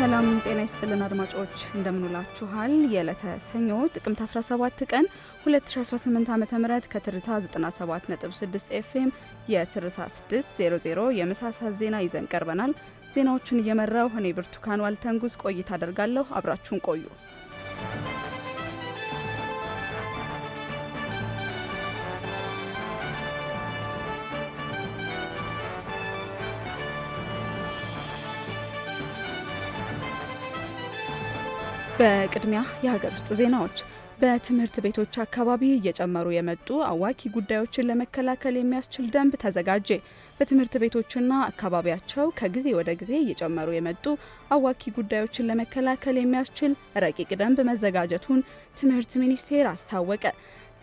ሰላም ጤና ይስጥልን አድማጮች እንደምንውላችኋል። የዕለተ ሰኞ ጥቅምት 17 ቀን 2018 ዓ ም ከትርታ 97.6 ኤፍኤም የትርሳ 600 የምሳ ዜና ይዘን ቀርበናል። ዜናዎቹን እየመራው እኔ ብርቱካን ዋልተንጉስ ቆይታ አደርጋለሁ። አብራችሁን ቆዩ። በቅድሚያ የሀገር ውስጥ ዜናዎች። በትምህርት ቤቶች አካባቢ እየጨመሩ የመጡ አዋኪ ጉዳዮችን ለመከላከል የሚያስችል ደንብ ተዘጋጀ። በትምህርት ቤቶችና አካባቢያቸው ከጊዜ ወደ ጊዜ እየጨመሩ የመጡ አዋኪ ጉዳዮችን ለመከላከል የሚያስችል ረቂቅ ደንብ መዘጋጀቱን ትምህርት ሚኒስቴር አስታወቀ።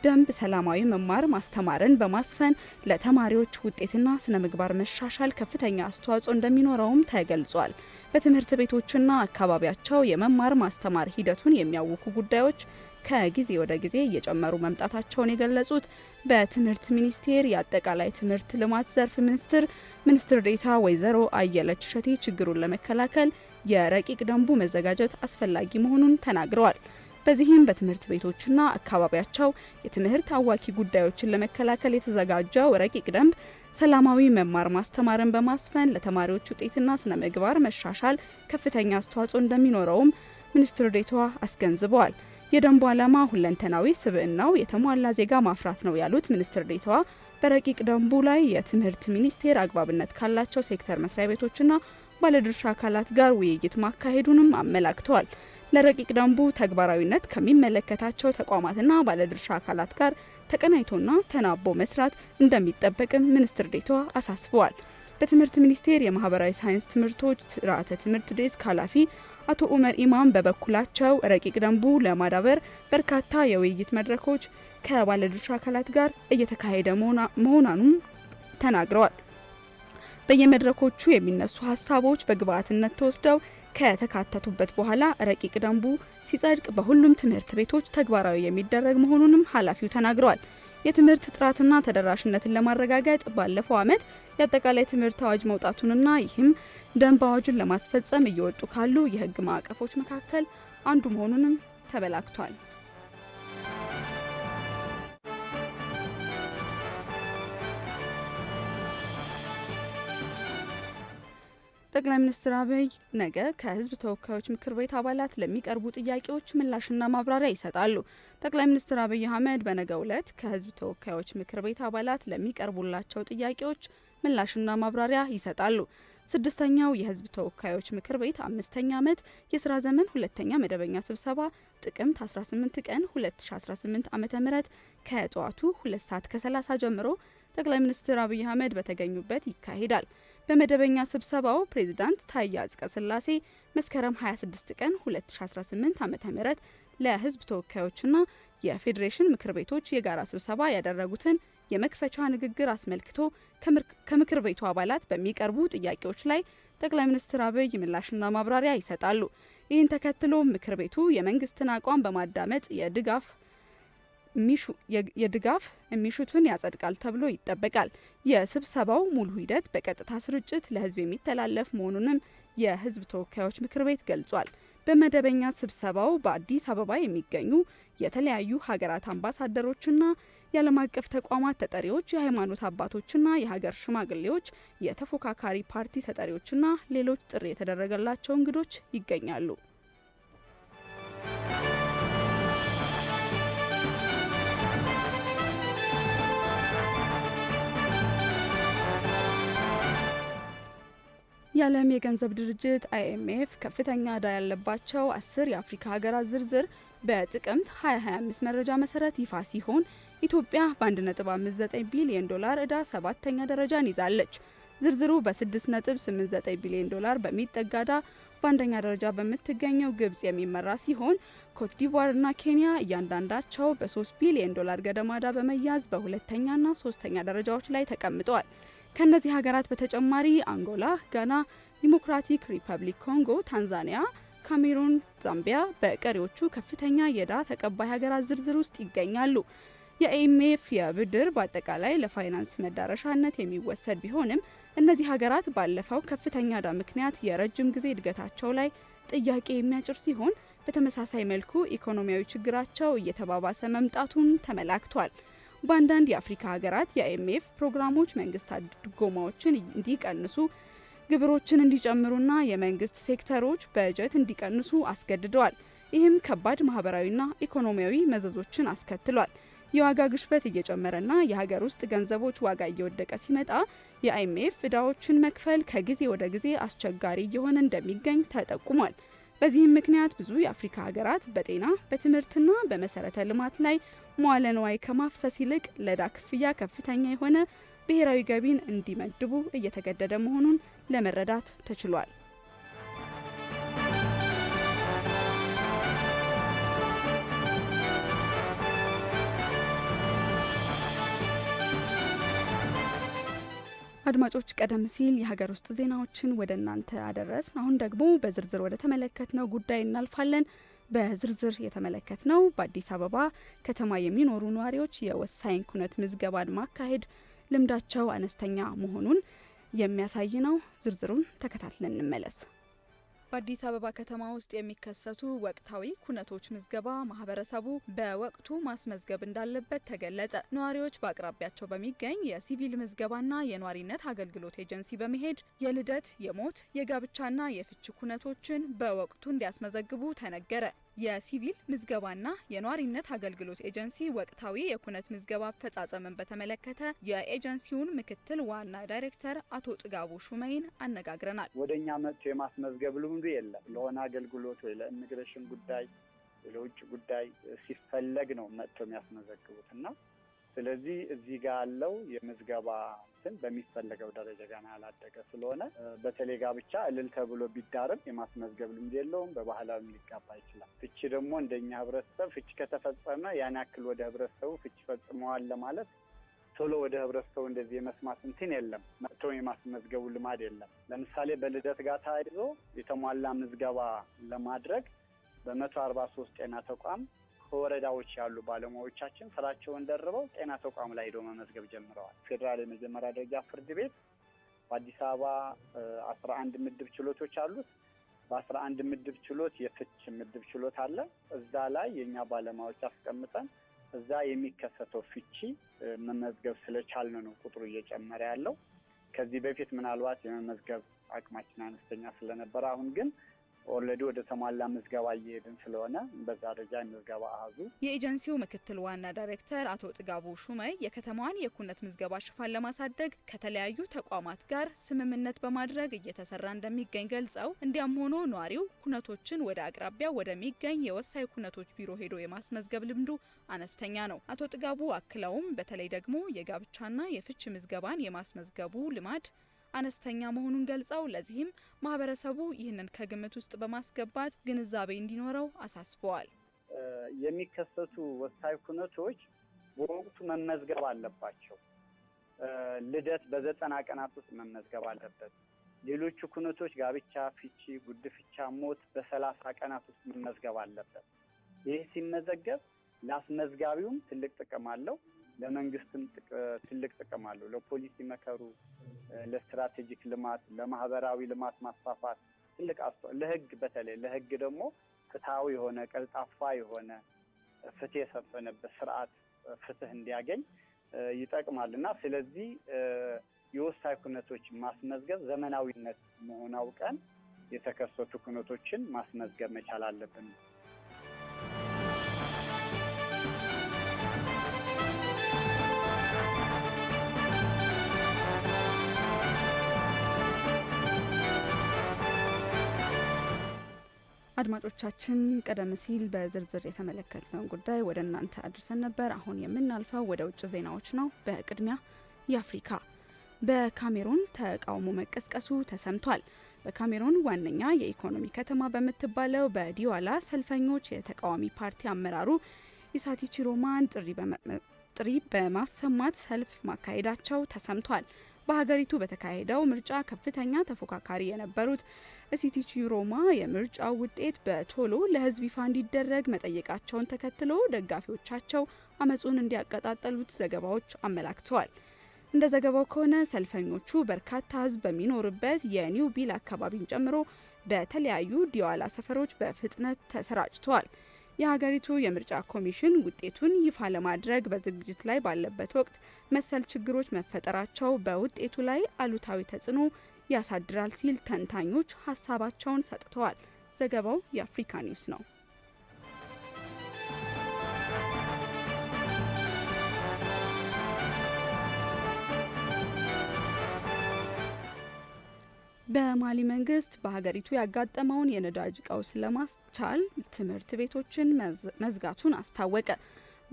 ደንብ ሰላማዊ መማር ማስተማርን በማስፈን ለተማሪዎች ውጤትና ስነ ምግባር መሻሻል ከፍተኛ አስተዋጽኦ እንደሚኖረውም ተገልጿል። በትምህርት ቤቶችና አካባቢያቸው የመማር ማስተማር ሂደቱን የሚያውኩ ጉዳዮች ከጊዜ ወደ ጊዜ እየጨመሩ መምጣታቸውን የገለጹት በትምህርት ሚኒስቴር የአጠቃላይ ትምህርት ልማት ዘርፍ ሚኒስትር ሚኒስትር ዴታ ወይዘሮ አየለች እሸቴ ችግሩን ለመከላከል የረቂቅ ደንቡ መዘጋጀት አስፈላጊ መሆኑን ተናግረዋል። በዚህም በትምህርት ቤቶችና አካባቢያቸው የትምህርት አዋኪ ጉዳዮችን ለመከላከል የተዘጋጀው ረቂቅ ደንብ ሰላማዊ መማር ማስተማርን በማስፈን ለተማሪዎች ውጤትና ስነ ምግባር መሻሻል ከፍተኛ አስተዋጽኦ እንደሚኖረውም ሚኒስትር ዴኤታዋ አስገንዝበዋል። የደንቡ ዓላማ ሁለንተናዊ ስብዕናው የተሟላ ዜጋ ማፍራት ነው ያሉት ሚኒስትር ዴኤታዋ በረቂቅ ደንቡ ላይ የትምህርት ሚኒስቴር አግባብነት ካላቸው ሴክተር መስሪያ ቤቶችና ባለድርሻ አካላት ጋር ውይይት ማካሄዱንም አመላክተዋል። ለረቂቅ ደንቡ ተግባራዊነት ከሚመለከታቸው ተቋማትና ባለድርሻ አካላት ጋር ተቀናይቶና ተናቦ መስራት እንደሚጠበቅም ሚኒስትር ዴኤታዋ አሳስበዋል። በትምህርት ሚኒስቴር የማህበራዊ ሳይንስ ትምህርቶች ስርዓተ ትምህርት ዴስክ ኃላፊ አቶ ኡመር ኢማም በበኩላቸው ረቂቅ ደንቡ ለማዳበር በርካታ የውይይት መድረኮች ከባለድርሻ አካላት ጋር እየተካሄደ መሆናኑም ተናግረዋል። በየመድረኮቹ የሚነሱ ሀሳቦች በግብአትነት ተወስደው ከተካተቱበት በኋላ ረቂቅ ደንቡ ሲጸድቅ በሁሉም ትምህርት ቤቶች ተግባራዊ የሚደረግ መሆኑንም ኃላፊው ተናግረዋል። የትምህርት ጥራትና ተደራሽነትን ለማረጋገጥ ባለፈው ዓመት የአጠቃላይ ትምህርት አዋጅ መውጣቱንና ይህም ደንብ አዋጁን ለማስፈጸም እየወጡ ካሉ የሕግ ማዕቀፎች መካከል አንዱ መሆኑንም ተመላክቷል። ጠቅላይ ሚኒስትር አብይ ነገ ከህዝብ ተወካዮች ምክር ቤት አባላት ለሚቀርቡ ጥያቄዎች ምላሽና ማብራሪያ ይሰጣሉ። ጠቅላይ ሚኒስትር አብይ አህመድ በነገ ዕለት ከህዝብ ተወካዮች ምክር ቤት አባላት ለሚቀርቡላቸው ጥያቄዎች ምላሽና ማብራሪያ ይሰጣሉ። ስድስተኛው የህዝብ ተወካዮች ምክር ቤት አምስተኛ ዓመት የስራ ዘመን ሁለተኛ መደበኛ ስብሰባ ጥቅምት 18 ቀን 2018 ዓ ም ከጠዋቱ 2 ሰዓት ከ30 ጀምሮ ጠቅላይ ሚኒስትር አብይ አህመድ በተገኙበት ይካሄዳል። በመደበኛ ስብሰባው ፕሬዝዳንት ታዬ አጽቀሥላሴ መስከረም 26 ቀን 2018 ዓ ም ለህዝብ ተወካዮችና የፌዴሬሽን ምክር ቤቶች የጋራ ስብሰባ ያደረጉትን የመክፈቻ ንግግር አስመልክቶ ከምክር ቤቱ አባላት በሚቀርቡ ጥያቄዎች ላይ ጠቅላይ ሚኒስትር አብይ ምላሽና ማብራሪያ ይሰጣሉ። ይህን ተከትሎ ምክር ቤቱ የመንግስትን አቋም በማዳመጥ የድጋፍ የድጋፍ የሚሹትን ያጸድቃል ተብሎ ይጠበቃል። የስብሰባው ሙሉ ሂደት በቀጥታ ስርጭት ለህዝብ የሚተላለፍ መሆኑንም የህዝብ ተወካዮች ምክር ቤት ገልጿል። በመደበኛ ስብሰባው በአዲስ አበባ የሚገኙ የተለያዩ ሀገራት አምባሳደሮችና የዓለም አቀፍ ተቋማት ተጠሪዎች፣ የሃይማኖት አባቶችና የሀገር ሽማግሌዎች፣ የተፎካካሪ ፓርቲ ተጠሪዎችና ሌሎች ጥሪ የተደረገላቸው እንግዶች ይገኛሉ። የዓለም የገንዘብ ድርጅት አይኤምኤፍ ከፍተኛ ዕዳ ያለባቸው አስር የአፍሪካ ሀገራት ዝርዝር በጥቅምት 2025 መረጃ መሰረት ይፋ ሲሆን ኢትዮጵያ በ1.59 ቢሊዮን ዶላር ዕዳ ሰባተኛ ደረጃን ይዛለች። ዝርዝሩ በ6.89 ቢሊዮን ዶላር በሚጠጋ ዕዳ በአንደኛ ደረጃ በምትገኘው ግብጽ የሚመራ ሲሆን ኮትዲቯርና ኬንያ እያንዳንዳቸው በ3 ቢሊዮን ዶላር ገደማ ዕዳ በመያዝ በሁለተኛና ሶስተኛ ደረጃዎች ላይ ተቀምጠዋል። ከእነዚህ ሀገራት በተጨማሪ አንጎላ፣ ጋና፣ ዲሞክራቲክ ሪፐብሊክ ኮንጎ፣ ታንዛኒያ፣ ካሜሩን፣ ዛምቢያ በቀሪዎቹ ከፍተኛ የዕዳ ተቀባይ ሀገራት ዝርዝር ውስጥ ይገኛሉ። የኤምኤፍ የብድር በአጠቃላይ ለፋይናንስ መዳረሻነት የሚወሰድ ቢሆንም እነዚህ ሀገራት ባለፈው ከፍተኛ ዕዳ ምክንያት የረጅም ጊዜ እድገታቸው ላይ ጥያቄ የሚያጭር ሲሆን በተመሳሳይ መልኩ ኢኮኖሚያዊ ችግራቸው እየተባባሰ መምጣቱን ተመላክቷል። በአንዳንድ የአፍሪካ ሀገራት የአይኤምኤፍ ፕሮግራሞች መንግስታት ድጎማዎችን እንዲቀንሱ ግብሮችን እንዲጨምሩና የመንግስት ሴክተሮች በጀት እንዲቀንሱ አስገድደዋል። ይህም ከባድ ማህበራዊና ኢኮኖሚያዊ መዘዞችን አስከትሏል። የዋጋ ግሽበት እየጨመረና የሀገር ውስጥ ገንዘቦች ዋጋ እየወደቀ ሲመጣ የአይኤምኤፍ እዳዎችን መክፈል ከጊዜ ወደ ጊዜ አስቸጋሪ እየሆነ እንደሚገኝ ተጠቁሟል። በዚህም ምክንያት ብዙ የአፍሪካ ሀገራት በጤና በትምህርትና በመሰረተ ልማት ላይ መዋለ ንዋይ ከማፍሰስ ይልቅ ለዕዳ ክፍያ ከፍተኛ የሆነ ብሔራዊ ገቢን እንዲመድቡ እየተገደደ መሆኑን ለመረዳት ተችሏል። አድማጮች ቀደም ሲል የሀገር ውስጥ ዜናዎችን ወደ እናንተ አደረስን። አሁን ደግሞ በዝርዝር ወደ ተመለከትነው ጉዳይ እናልፋለን። በዝርዝር የተመለከትነው በአዲስ አበባ ከተማ የሚኖሩ ነዋሪዎች የወሳኝ ኩነት ምዝገባን ማካሄድ ልምዳቸው አነስተኛ መሆኑን የሚያሳይ ነው። ዝርዝሩን ተከታትለን እንመለስ። በአዲስ አበባ ከተማ ውስጥ የሚከሰቱ ወቅታዊ ኩነቶች ምዝገባ ማህበረሰቡ በወቅቱ ማስመዝገብ እንዳለበት ተገለጸ። ነዋሪዎች በአቅራቢያቸው በሚገኝ የሲቪል ምዝገባና የነዋሪነት አገልግሎት ኤጀንሲ በመሄድ የልደት፣ የሞት፣ የጋብቻና የፍች ኩነቶችን በወቅቱ እንዲያስመዘግቡ ተነገረ። የሲቪል ምዝገባና የኗሪነት አገልግሎት ኤጀንሲ ወቅታዊ የኩነት ምዝገባ አፈጻጸምን በተመለከተ የኤጀንሲውን ምክትል ዋና ዳይሬክተር አቶ ጥጋቡ ሹመይን አነጋግረናል። ወደ እኛ መጥቶ የማስመዝገብ ልምዱ የለም። ለሆነ አገልግሎት ወይ ለኢሚግሬሽን ጉዳይ፣ ለውጭ ጉዳይ ሲፈለግ ነው መጥቶ የሚያስመዘግቡት እና ስለዚህ እዚህ ጋር ያለው የምዝገባ እንትን በሚፈለገው ደረጃ ገና ያላደገ ስለሆነ በተለይ ጋብቻ እልል ተብሎ ቢዳርም የማስመዝገብ ልምድ የለውም። በባህላዊም ሊጋባ ይችላል። ፍቺ ደግሞ እንደኛ ህብረተሰብ ፍቺ ከተፈጸመ ያን ያክል ወደ ህብረተሰቡ ፍቺ ፈጽመዋል ለማለት ቶሎ ወደ ህብረተሰቡ እንደዚህ የመስማት እንትን የለም። መጥቶ የማስመዝገቡ ልማድ የለም። ለምሳሌ በልደት ጋር ተያይዞ የተሟላ ምዝገባ ለማድረግ በመቶ አርባ ሶስት ጤና ተቋም በወረዳዎች ያሉ ባለሙያዎቻችን ስራቸውን ደርበው ጤና ተቋም ላይ ሄዶ መመዝገብ ጀምረዋል። ፌዴራል የመጀመሪያ ደረጃ ፍርድ ቤት በአዲስ አበባ አስራ አንድ ምድብ ችሎቶች አሉት። በአስራ አንድ ምድብ ችሎት የፍች ምድብ ችሎት አለ። እዛ ላይ የእኛ ባለሙያዎች አስቀምጠን እዛ የሚከሰተው ፍቺ መመዝገብ ስለቻልን ነው ቁጥሩ እየጨመረ ያለው። ከዚህ በፊት ምናልባት የመመዝገብ አቅማችን አነስተኛ ስለነበረ አሁን ግን ኦልሬዲ ወደ ተሟላ ምዝገባ እየሄድን ስለሆነ በዛ ደረጃ የምዝገባ አህዙ። የኤጀንሲው ምክትል ዋና ዳይሬክተር አቶ ጥጋቡ ሹመይ የከተማዋን የኩነት ምዝገባ ሽፋን ለማሳደግ ከተለያዩ ተቋማት ጋር ስምምነት በማድረግ እየተሰራ እንደሚገኝ ገልጸው እንዲያም ሆኖ ነዋሪው ኩነቶችን ወደ አቅራቢያ ወደሚገኝ የወሳኝ ኩነቶች ቢሮ ሄዶ የማስመዝገብ ልምዱ አነስተኛ ነው። አቶ ጥጋቡ አክለውም በተለይ ደግሞ የጋብቻና የፍች ምዝገባን የማስመዝገቡ ልማድ አነስተኛ መሆኑን ገልጸው ለዚህም ማህበረሰቡ ይህንን ከግምት ውስጥ በማስገባት ግንዛቤ እንዲኖረው አሳስበዋል። የሚከሰቱ ወሳኝ ኩነቶች በወቅቱ መመዝገብ አለባቸው። ልደት በዘጠና ቀናት ውስጥ መመዝገብ አለበት። ሌሎቹ ኩነቶች ጋብቻ፣ ፍቺ፣ ጉድፍቻ፣ ሞት በሰላሳ ቀናት ውስጥ መመዝገብ አለበት። ይህ ሲመዘገብ ለአስመዝጋቢውም ትልቅ ጥቅም አለው። ለመንግስትም ትልቅ ጥቅም አለው። ለፖሊሲ መከሩ፣ ለስትራቴጂክ ልማት፣ ለማህበራዊ ልማት ማስፋፋት ትልቅ ለህግ በተለይ ለህግ ደግሞ ፍትሐዊ የሆነ ቀልጣፋ የሆነ ፍትህ የሰፈነበት ስርዓት ፍትህ እንዲያገኝ ይጠቅማል እና ስለዚህ የወሳኝ ኩነቶች ማስመዝገብ ዘመናዊነት መሆን አውቀን የተከሰቱ ኩነቶችን ማስመዝገብ መቻል አለብን። አድማጮቻችን ቀደም ሲል በዝርዝር የተመለከትነውን ጉዳይ ወደ እናንተ አድርሰን ነበር። አሁን የምናልፈው ወደ ውጭ ዜናዎች ነው። በቅድሚያ የአፍሪካ በካሜሩን ተቃውሞ መቀስቀሱ ተሰምቷል። በካሜሩን ዋነኛ የኢኮኖሚ ከተማ በምትባለው በዲዋላ ሰልፈኞች የተቃዋሚ ፓርቲ አመራሩ ኢሳቲቺሮማን ጥሪ በማሰማት ሰልፍ ማካሄዳቸው ተሰምቷል። በሀገሪቱ በተካሄደው ምርጫ ከፍተኛ ተፎካካሪ የነበሩት ኢሲቲቹ ሮማ የምርጫው ውጤት በቶሎ ለህዝብ ይፋ እንዲደረግ መጠየቃቸውን ተከትሎ ደጋፊዎቻቸው አመፁን እንዲያቀጣጠሉት ዘገባዎች አመላክተዋል። እንደ ዘገባው ከሆነ ሰልፈኞቹ በርካታ ህዝብ በሚኖርበት የኒው ቢል አካባቢን ጨምሮ በተለያዩ ዲዋላ ሰፈሮች በፍጥነት ተሰራጭተዋል። የሀገሪቱ የምርጫ ኮሚሽን ውጤቱን ይፋ ለማድረግ በዝግጅት ላይ ባለበት ወቅት መሰል ችግሮች መፈጠራቸው በውጤቱ ላይ አሉታዊ ተጽዕኖ ያሳድራል ሲል ተንታኞች ሀሳባቸውን ሰጥተዋል። ዘገባው የአፍሪካ ኒውስ ነው። በማሊ መንግስት በሀገሪቱ ያጋጠመውን የነዳጅ ቀውስ ለማስቻል ትምህርት ቤቶችን መዝጋቱን አስታወቀ።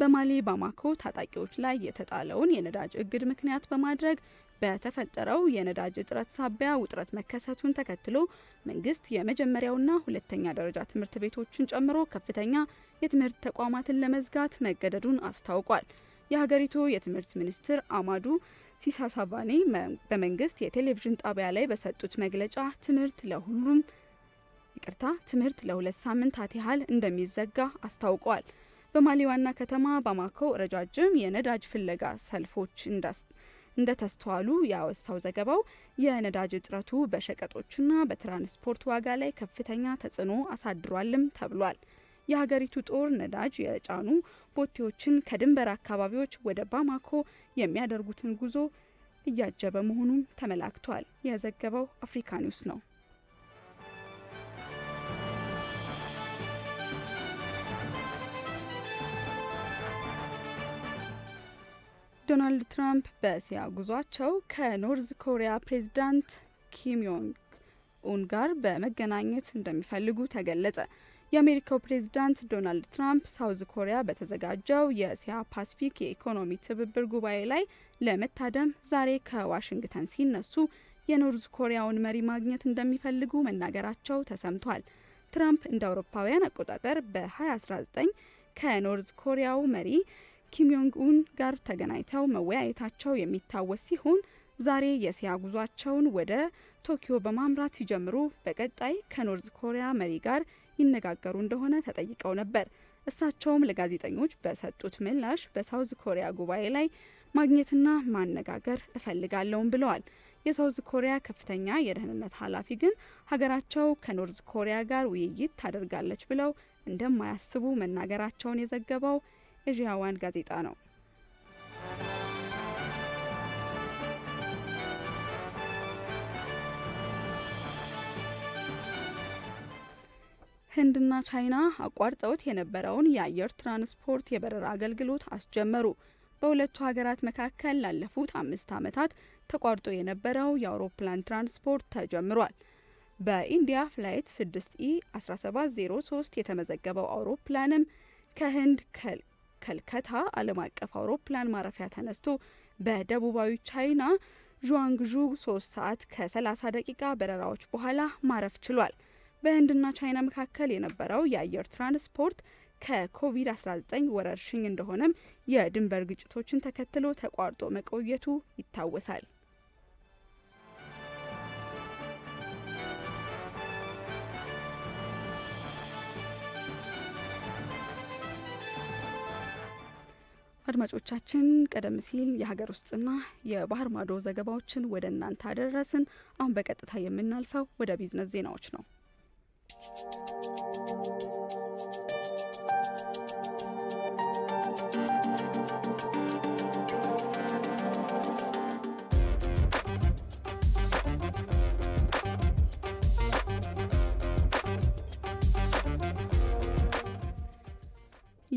በማሊ ባማኮ ታጣቂዎች ላይ የተጣለውን የነዳጅ እግድ ምክንያት በማድረግ በተፈጠረው የነዳጅ እጥረት ሳቢያ ውጥረት መከሰቱን ተከትሎ መንግስት የመጀመሪያውና ሁለተኛ ደረጃ ትምህርት ቤቶችን ጨምሮ ከፍተኛ የትምህርት ተቋማትን ለመዝጋት መገደዱን አስታውቋል። የሀገሪቱ የትምህርት ሚኒስትር አማዱ ሲሳሳባኔ በመንግስት የቴሌቪዥን ጣቢያ ላይ በሰጡት መግለጫ ትምህርት ለሁሉም ይቅርታ፣ ትምህርት ለሁለት ሳምንታት ያህል እንደሚዘጋ አስታውቋል። በማሊ ዋና ከተማ ባማኮ ረጃጅም የነዳጅ ፍለጋ ሰልፎች እንደተስተዋሉ ያወሳው ዘገባው የነዳጅ እጥረቱ በሸቀጦችና በትራንስፖርት ዋጋ ላይ ከፍተኛ ተጽዕኖ አሳድሯልም ተብሏል። የሀገሪቱ ጦር ነዳጅ የጫኑ ቦቴዎችን ከድንበር አካባቢዎች ወደ ባማኮ የሚያደርጉትን ጉዞ እያጀበ መሆኑም ተመላክቷል። የዘገበው አፍሪካ ኒውስ ነው። ዶናልድ ትራምፕ በእስያ ጉዟቸው ከኖርዝ ኮሪያ ፕሬዚዳንት ኪም ዮንግ ኡን ጋር በመገናኘት እንደሚፈልጉ ተገለጸ። የአሜሪካው ፕሬዚዳንት ዶናልድ ትራምፕ ሳውዝ ኮሪያ በተዘጋጀው የእስያ ፓሲፊክ የኢኮኖሚ ትብብር ጉባኤ ላይ ለመታደም ዛሬ ከዋሽንግተን ሲነሱ የኖርዝ ኮሪያውን መሪ ማግኘት እንደሚፈልጉ መናገራቸው ተሰምቷል። ትራምፕ እንደ አውሮፓውያን አቆጣጠር በ2019 ከኖርዝ ኮሪያው መሪ ኪም ዮንግ ኡን ጋር ተገናኝተው መወያየታቸው የሚታወስ ሲሆን ዛሬ የእስያ ጉዟቸውን ወደ ቶኪዮ በማምራት ሲጀምሩ በቀጣይ ከኖርዝ ኮሪያ መሪ ጋር ይነጋገሩ እንደሆነ ተጠይቀው ነበር። እሳቸውም ለጋዜጠኞች በሰጡት ምላሽ በሳውዝ ኮሪያ ጉባኤ ላይ ማግኘትና ማነጋገር እፈልጋለሁም ብለዋል። የሳውዝ ኮሪያ ከፍተኛ የደህንነት ኃላፊ ግን ሀገራቸው ከኖርዝ ኮሪያ ጋር ውይይት ታደርጋለች ብለው እንደማያስቡ መናገራቸውን የዘገበው የዢሃዋን ጋዜጣ ነው። ህንድና ቻይና አቋርጠውት የነበረውን የአየር ትራንስፖርት የበረራ አገልግሎት አስጀመሩ። በሁለቱ ሀገራት መካከል ላለፉት አምስት ዓመታት ተቋርጦ የነበረው የአውሮፕላን ትራንስፖርት ተጀምሯል። በኢንዲያ ፍላይት 6 ኢ 1703 የተመዘገበው አውሮፕላንም ከህንድ ከታ ዓለም አቀፍ አውሮፕላን ማረፊያ ተነስቶ በደቡባዊ ቻይና ዥዋንግዡ 3 ሰዓት ከ30 ደቂቃ በረራዎች በኋላ ማረፍ ችሏል። በህንድና ቻይና መካከል የነበረው የአየር ትራንስፖርት ከኮቪድ-19 ወረርሽኝ እንደሆነም የድንበር ግጭቶችን ተከትሎ ተቋርጦ መቆየቱ ይታወሳል። አድማጮቻችን ቀደም ሲል የሀገር ውስጥና የባህር ማዶ ዘገባዎችን ወደ እናንተ አደረስን። አሁን በቀጥታ የምናልፈው ወደ ቢዝነስ ዜናዎች ነው።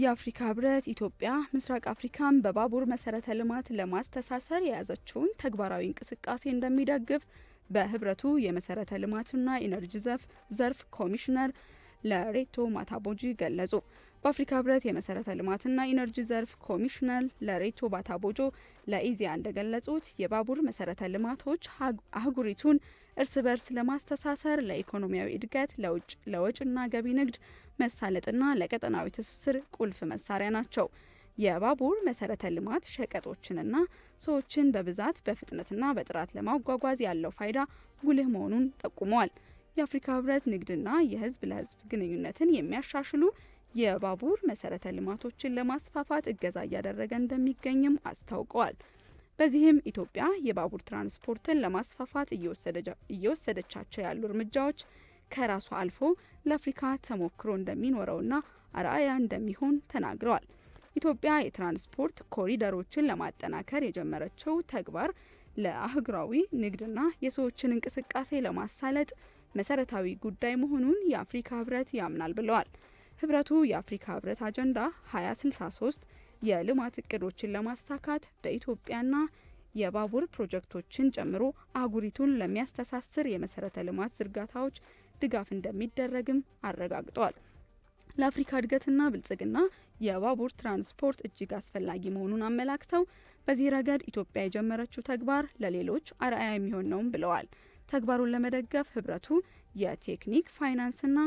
የአፍሪካ ህብረት ኢትዮጵያ ምስራቅ አፍሪካን በባቡር መሰረተ ልማት ለማስተሳሰር የያዘችውን ተግባራዊ እንቅስቃሴ እንደሚደግፍ በህብረቱ የመሰረተ ልማትና ኢነርጂ ዘርፍ ዘርፍ ኮሚሽነር ለሬቶ ማታቦጂ ገለጹ። በአፍሪካ ህብረት የመሰረተ ልማትና ኢነርጂ ዘርፍ ኮሚሽነር ለሬቶ ባታቦጆ ለኢዜአ እንደገለጹት የባቡር መሰረተ ልማቶች አህጉሪቱን እርስ በርስ ለማስተሳሰር፣ ለኢኮኖሚያዊ እድገት፣ ለውጭ ለወጭና ገቢ ንግድ መሳለጥና ለቀጠናዊ ትስስር ቁልፍ መሳሪያ ናቸው። የባቡር መሰረተ ልማት ሸቀጦችንና ሰዎችን በብዛት በፍጥነትና በጥራት ለማጓጓዝ ያለው ፋይዳ ጉልህ መሆኑን ጠቁመዋል። የአፍሪካ ህብረት ንግድና የህዝብ ለህዝብ ግንኙነትን የሚያሻሽሉ የባቡር መሰረተ ልማቶችን ለማስፋፋት እገዛ እያደረገ እንደሚገኝም አስታውቀዋል። በዚህም ኢትዮጵያ የባቡር ትራንስፖርትን ለማስፋፋት እየወሰደቻቸው ያሉ እርምጃዎች ከራሱ አልፎ ለአፍሪካ ተሞክሮ እንደሚኖረውና አርአያ እንደሚሆን ተናግረዋል። ኢትዮጵያ የትራንስፖርት ኮሪደሮችን ለማጠናከር የጀመረችው ተግባር ለአህጉራዊ ንግድና የሰዎችን እንቅስቃሴ ለማሳለጥ መሰረታዊ ጉዳይ መሆኑን የአፍሪካ ህብረት ያምናል ብለዋል። ህብረቱ የአፍሪካ ህብረት አጀንዳ 2063 የልማት እቅዶችን ለማሳካት በኢትዮጵያና የባቡር ፕሮጀክቶችን ጨምሮ አህጉሪቱን ለሚያስተሳስር የመሰረተ ልማት ዝርጋታዎች ድጋፍ እንደሚደረግም አረጋግጧል። ለአፍሪካ እድገትና ብልጽግና የባቡር ትራንስፖርት እጅግ አስፈላጊ መሆኑን አመላክተው በዚህ ረገድ ኢትዮጵያ የጀመረችው ተግባር ለሌሎች አርአያ የሚሆን ነውም ብለዋል። ተግባሩን ለመደገፍ ህብረቱ የቴክኒክ ፋይናንስና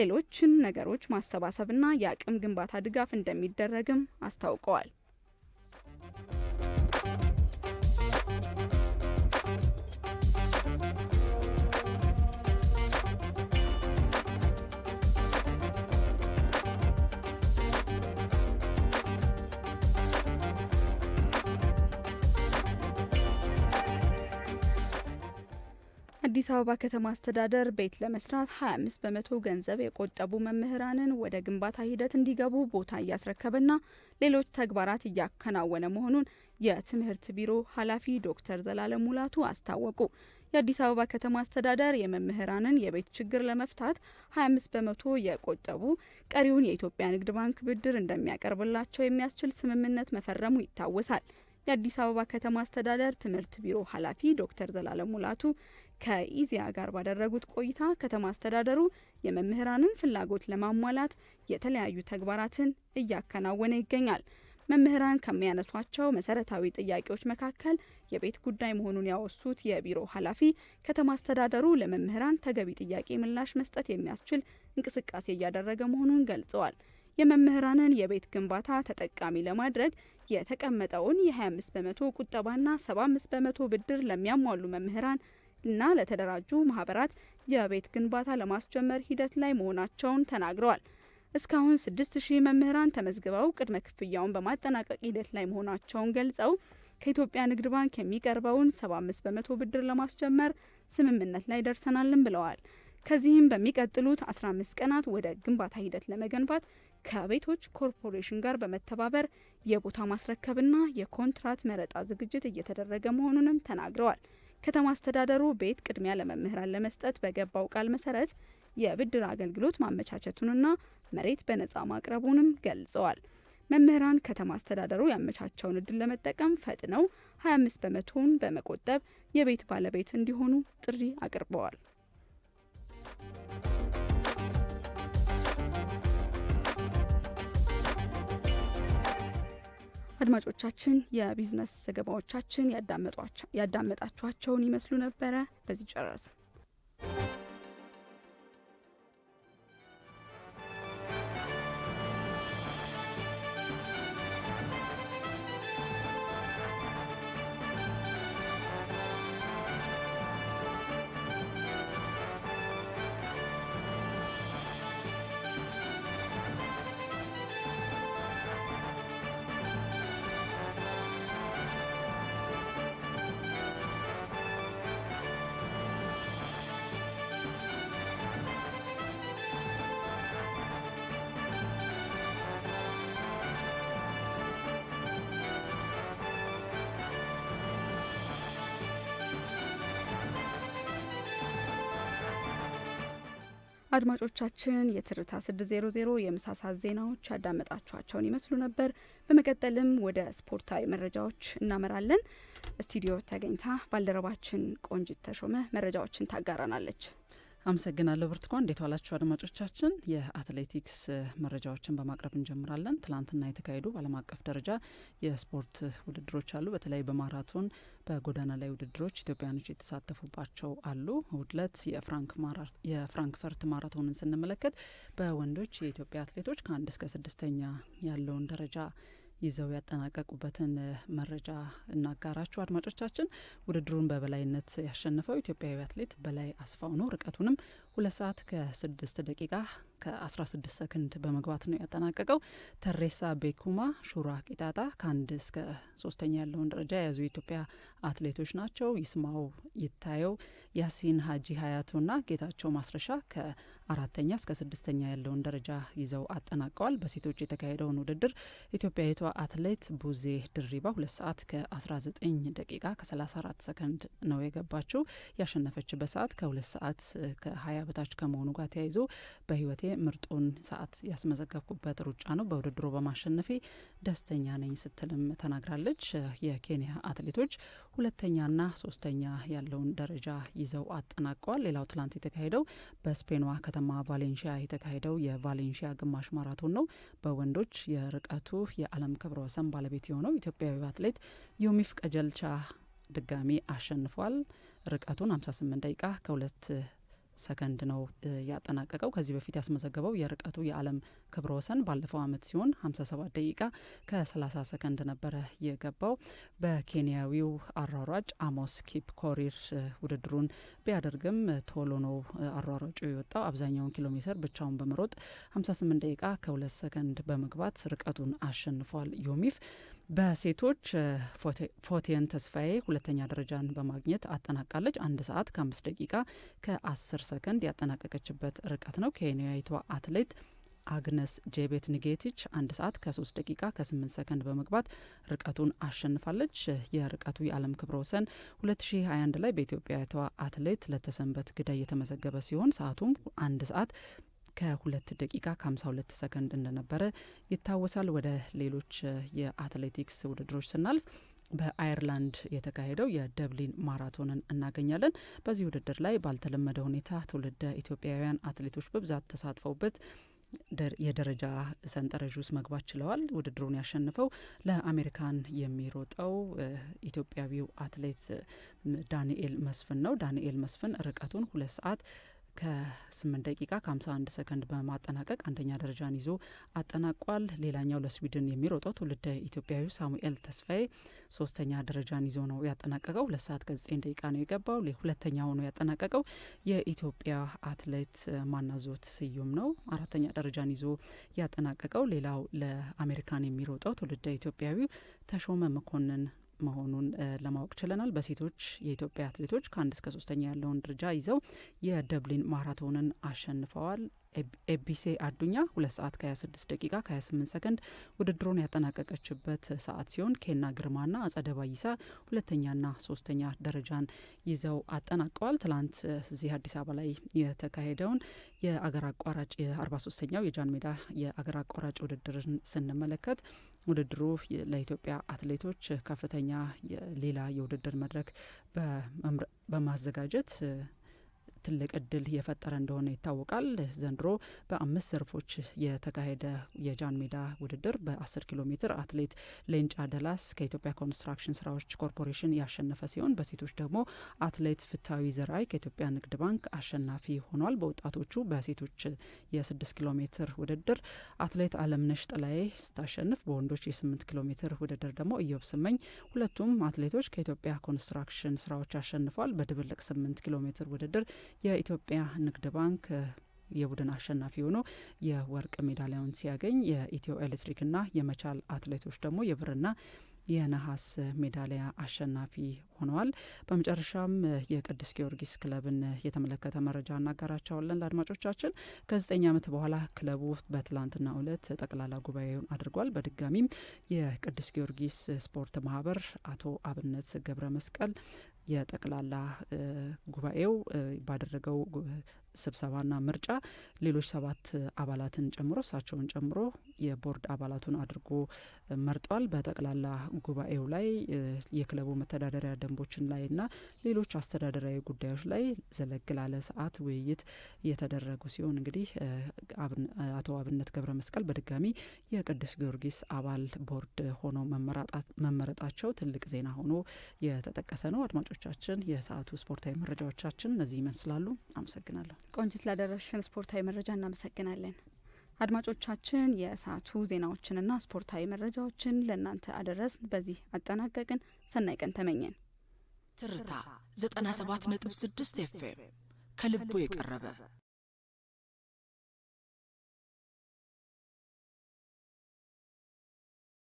ሌሎችን ነገሮች ማሰባሰብና የአቅም ግንባታ ድጋፍ እንደሚደረግም አስታውቀዋል። አዲስ አበባ ከተማ አስተዳደር ቤት ለመስራት 25 በመቶ ገንዘብ የቆጠቡ መምህራንን ወደ ግንባታ ሂደት እንዲገቡ ቦታ እያስረከበና ሌሎች ተግባራት እያከናወነ መሆኑን የትምህርት ቢሮ ኃላፊ ዶክተር ዘላለም ሙላቱ አስታወቁ። የአዲስ አበባ ከተማ አስተዳደር የመምህራንን የቤት ችግር ለመፍታት 25 በመቶ የቆጠቡ ቀሪውን የኢትዮጵያ ንግድ ባንክ ብድር እንደሚያቀርብላቸው የሚያስችል ስምምነት መፈረሙ ይታወሳል። የአዲስ አበባ ከተማ አስተዳደር ትምህርት ቢሮ ኃላፊ ዶክተር ዘላለም ሙላቱ ከኢዚያ ጋር ባደረጉት ቆይታ ከተማ አስተዳደሩ የመምህራንን ፍላጎት ለማሟላት የተለያዩ ተግባራትን እያከናወነ ይገኛል። መምህራን ከሚያነሷቸው መሰረታዊ ጥያቄዎች መካከል የቤት ጉዳይ መሆኑን ያወሱት የቢሮ ኃላፊ ከተማ አስተዳደሩ ለመምህራን ተገቢ ጥያቄ ምላሽ መስጠት የሚያስችል እንቅስቃሴ እያደረገ መሆኑን ገልጸዋል። የመምህራንን የቤት ግንባታ ተጠቃሚ ለማድረግ የተቀመጠውን የ25 በመቶ ቁጠባና 75 በመቶ ብድር ለሚያሟሉ መምህራን እና ለተደራጁ ማህበራት የቤት ግንባታ ለማስጀመር ሂደት ላይ መሆናቸውን ተናግረዋል። እስካሁን ስድስት ሺህ መምህራን ተመዝግበው ቅድመ ክፍያውን በማጠናቀቅ ሂደት ላይ መሆናቸውን ገልጸው ከኢትዮጵያ ንግድ ባንክ የሚቀርበውን 75 በመቶ ብድር ለማስጀመር ስምምነት ላይ ደርሰናልን ብለዋል። ከዚህም በሚቀጥሉት 15 ቀናት ወደ ግንባታ ሂደት ለመገንባት ከቤቶች ኮርፖሬሽን ጋር በመተባበር የቦታ ማስረከብና የኮንትራት መረጣ ዝግጅት እየተደረገ መሆኑንም ተናግረዋል። ከተማ አስተዳደሩ ቤት ቅድሚያ ለመምህራን ለመስጠት በገባው ቃል መሰረት የብድር አገልግሎት ማመቻቸቱንና መሬት በነፃ ማቅረቡንም ገልጸዋል። መምህራን ከተማ አስተዳደሩ ያመቻቸውን እድል ለመጠቀም ፈጥነው 25 በመቶውን በመቆጠብ የቤት ባለቤት እንዲሆኑ ጥሪ አቅርበዋል። አድማጮቻችን የቢዝነስ ዘገባዎቻችን ያዳመጣችኋቸውን ይመስሉ ነበረ። በዚህ ጨረስን። አድማጮቻችን የትርታ 600 የምሳ ዜናዎች ያዳመጣችኋቸውን ይመስሉ ነበር። በመቀጠልም ወደ ስፖርታዊ መረጃዎች እናመራለን። ስቱዲዮ ተገኝታ ባልደረባችን ቆንጂት ተሾመ መረጃዎችን ታጋራናለች። አመሰግናለሁ ብርቱካን። እንዴት ዋላችሁ አድማጮቻችን? የአትሌቲክስ መረጃዎችን በማቅረብ እንጀምራለን። ትላንትና የተካሄዱ በዓለም አቀፍ ደረጃ የስፖርት ውድድሮች አሉ። በተለይ በማራቶን በጎዳና ላይ ውድድሮች ኢትዮጵያኖች የተሳተፉባቸው አሉ። እሁድ ዕለት የፍራንክፈርት ማራቶንን ስንመለከት በወንዶች የኢትዮጵያ አትሌቶች ከአንድ እስከ ስድስተኛ ያለውን ደረጃ ይዘው ያጠናቀቁበትን መረጃ እናጋራችሁ አድማጮቻችን። ውድድሩን በበላይነት ያሸነፈው ኢትዮጵያዊ አትሌት በላይ አስፋው ነው። ርቀቱንም ሁለት ሰዓት ከስድስት ደቂቃ ከአስራ ስድስት ሰከንድ በመግባት ነው ያጠናቀቀው። ተሬሳ ቤኩማ፣ ሹራ ቂጣጣ ከአንድ እስከ ሶስተኛ ያለውን ደረጃ የያዙ የኢትዮጵያ አትሌቶች ናቸው። ይስማው ይታየው፣ ያሲን ሀጂ ሀያቱና ጌታቸው ማስረሻ ከአራተኛ እስከ ስድስተኛ ያለውን ደረጃ ይዘው አጠናቀዋል። በሴቶች የተካሄደውን ውድድር ኢትዮጵያዊቷ አትሌት ቡዜ ድሪባ ሁለት ሰዓት ከአስራ ዘጠኝ ደቂቃ ከሰላሳ አራት ሰከንድ ነው የገባችው። ያሸነፈችበት ሰዓት ከሁለት ሰዓት ከሀያ ከሀያ በታች ከመሆኑ ጋር ተያይዞ በህይወቴ ምርጡን ሰዓት ያስመዘገብኩበት ሩጫ ነው፣ በውድድሩ በማሸነፌ ደስተኛ ነኝ ስትልም ተናግራለች። የኬንያ አትሌቶች ሁለተኛና ሶስተኛ ያለውን ደረጃ ይዘው አጠናቀዋል። ሌላው ትላንት የተካሄደው በስፔኗ ከተማ ቫሌንሺያ የተካሄደው የቫሌንሺያ ግማሽ ማራቶን ነው። በወንዶች የርቀቱ የዓለም ክብረ ወሰን ባለቤት የሆነው ኢትዮጵያዊ አትሌት ዮሚፍ ቀጀልቻ ድጋሚ አሸንፏል። ርቀቱን 58 ደቂቃ ከሁለት ሰከንድ ነው ያጠናቀቀው። ከዚህ በፊት ያስመዘገበው የርቀቱ የዓለም ክብረ ወሰን ባለፈው አመት ሲሆን 57 ደቂቃ ከ30 ሰከንድ ነበረ የገባው። በኬንያዊው አሯሯጭ አሞስ ኪፕ ኮሪር ውድድሩን ቢያደርግም ቶሎ ነው አሯሯጩ የወጣው። አብዛኛውን ኪሎ ሜትር ብቻውን በመሮጥ 58 ደቂቃ ከ2 ሰከንድ በመግባት ርቀቱን አሸንፏል ዮሚፍ በሴቶች ፎቴን ተስፋዬ ሁለተኛ ደረጃን በማግኘት አጠናቃለች። አንድ ሰዓት ከአምስት ደቂቃ ከአስር ሰከንድ ያጠናቀቀችበት ርቀት ነው። ኬንያዊቷ አትሌት አግነስ ጄቤት ኒጌቲች አንድ ሰዓት ከሶስት ደቂቃ ከስምንት ሰከንድ በመግባት ርቀቱን አሸንፋለች። የርቀቱ የዓለም ክብረ ወሰን ሁለት ሀያ አንድ ላይ በኢትዮጵያዊቷ አትሌት ለተሰንበት ግዳይ የተመዘገበ ሲሆን ሰዓቱም አንድ ሰዓት ከሁለት ደቂቃ ከ52 ሰከንድ እንደነበረ ይታወሳል። ወደ ሌሎች የአትሌቲክስ ውድድሮች ስናልፍ በአየርላንድ የተካሄደው የደብሊን ማራቶንን እናገኛለን። በዚህ ውድድር ላይ ባልተለመደ ሁኔታ ትውልደ ኢትዮጵያውያን አትሌቶች በብዛት ተሳትፈውበት የደረጃ ሰንጠረዥ ውስጥ መግባት ችለዋል። ውድድሩን ያሸንፈው ለአሜሪካን የሚሮጠው ኢትዮጵያዊው አትሌት ዳንኤል መስፍን ነው። ዳንኤል መስፍን ርቀቱን ሁለት ሰዓት ከስምንት ደቂቃ ከ አንድ ሰከንድ በማጠናቀቅ አንደኛ ደረጃን ይዞ አጠናቋል። ሌላኛው ለስዊድን የሚሮጠው ትውልደ ኢትዮጵያዊ ሳሙኤል ተስፋዬ ሶስተኛ ደረጃን ይዞ ነው ያጠናቀቀው። ሁለት ሰዓት ከ9 ደቂቃ ነው የገባው። ሁለተኛ ሆኖ ያጠናቀቀው የኢትዮጵያ አትሌት ማናዞት ስዩም ነው አራተኛ ደረጃን ይዞ ያጠናቀቀው። ሌላው ለአሜሪካን የሚሮጠው ትውልደ ኢትዮጵያዊ ተሾመ መኮንን መሆኑን ለማወቅ ችለናል። በሴቶች የኢትዮጵያ አትሌቶች ከአንድ እስከ ሶስተኛ ያለውን ደረጃ ይዘው የደብሊን ማራቶንን አሸንፈዋል። ኤቢሴ አዱኛ ሁለት ሰዓት ከ26 ደቂቃ ከ28 ሰከንድ ውድድሩን ያጠናቀቀችበት ሰዓት ሲሆን ኬና ግርማና አጸደ ባይሳ ሁለተኛና ሶስተኛ ደረጃን ይዘው አጠናቀዋል። ትላንት እዚህ አዲስ አበባ ላይ የተካሄደውን የአገር አቋራጭ የ43ኛው የጃን ሜዳ የአገር አቋራጭ ውድድርን ስንመለከት ውድድሩ ለኢትዮጵያ አትሌቶች ከፍተኛ ሌላ የውድድር መድረክ በማዘጋጀት ትልቅ እድል የፈጠረ እንደሆነ ይታወቃል። ዘንድሮ በአምስት ዘርፎች የተካሄደ የጃን ሜዳ ውድድር በ10 ኪሎ ሜትር አትሌት ሌንጫ ደላስ ከኢትዮጵያ ኮንስትራክሽን ስራዎች ኮርፖሬሽን ያሸነፈ ሲሆን በሴቶች ደግሞ አትሌት ፍታዊ ዘርአይ ከኢትዮጵያ ንግድ ባንክ አሸናፊ ሆኗል። በወጣቶቹ በሴቶች የ6 ኪሎ ሜትር ውድድር አትሌት አለምነሽ ጥላዬ ስታሸንፍ፣ በወንዶች የ8 ኪሎ ሜትር ውድድር ደግሞ ኢዮብ ስመኝ ሁለቱም አትሌቶች ከኢትዮጵያ ኮንስትራክሽን ስራዎች አሸንፏል። በድብልቅ 8 ኪሎ ሜትር ውድድር የኢትዮጵያ ንግድ ባንክ የቡድን አሸናፊ ሆኖ የወርቅ ሜዳሊያውን ሲያገኝ የኢትዮ ኤሌክትሪክና የመቻል አትሌቶች ደግሞ የብርና የነሐስ ሜዳሊያ አሸናፊ ሆነዋል። በመጨረሻም የቅዱስ ጊዮርጊስ ክለብን የተመለከተ መረጃ እናጋራቸዋለን ለአድማጮቻችን። ከዘጠኝ ዓመት በኋላ ክለቡ በትላንትና ዕለት ጠቅላላ ጉባኤውን አድርጓል። በድጋሚም የቅዱስ ጊዮርጊስ ስፖርት ማህበር አቶ አብነት ገብረ መስቀል የጠቅላላ ጉባኤው ባደረገው ስብሰባና ምርጫ ሌሎች ሰባት አባላትን ጨምሮ እሳቸውን ጨምሮ የቦርድ አባላቱን አድርጎ መርጧል። በጠቅላላ ጉባኤው ላይ የክለቡ መተዳደሪያ ደንቦችን ላይና ሌሎች አስተዳደራዊ ጉዳዮች ላይ ዘለግ ላለ ሰዓት ውይይት የተደረጉ ሲሆን እንግዲህ አቶ አብነት ገብረ መስቀል በድጋሚ የቅዱስ ጊዮርጊስ አባል ቦርድ ሆነው መመረጣቸው ትልቅ ዜና ሆኖ የተጠቀሰ ነው። አድማጮቻችን፣ የሰዓቱ ስፖርታዊ መረጃዎቻችን እነዚህ ይመስላሉ። አመሰግናለሁ። ቆንጅት፣ ላደረሽን ስፖርታዊ መረጃ እናመሰግናለን። አድማጮቻችን የሰዓቱ ዜናዎችንና ስፖርታዊ መረጃዎችን ለእናንተ አደረስን። በዚህ አጠናቀቅን። ሰናይ ቀን ተመኘን። ትርታ 97.6 ኤፍኤም ከልቦ የቀረበ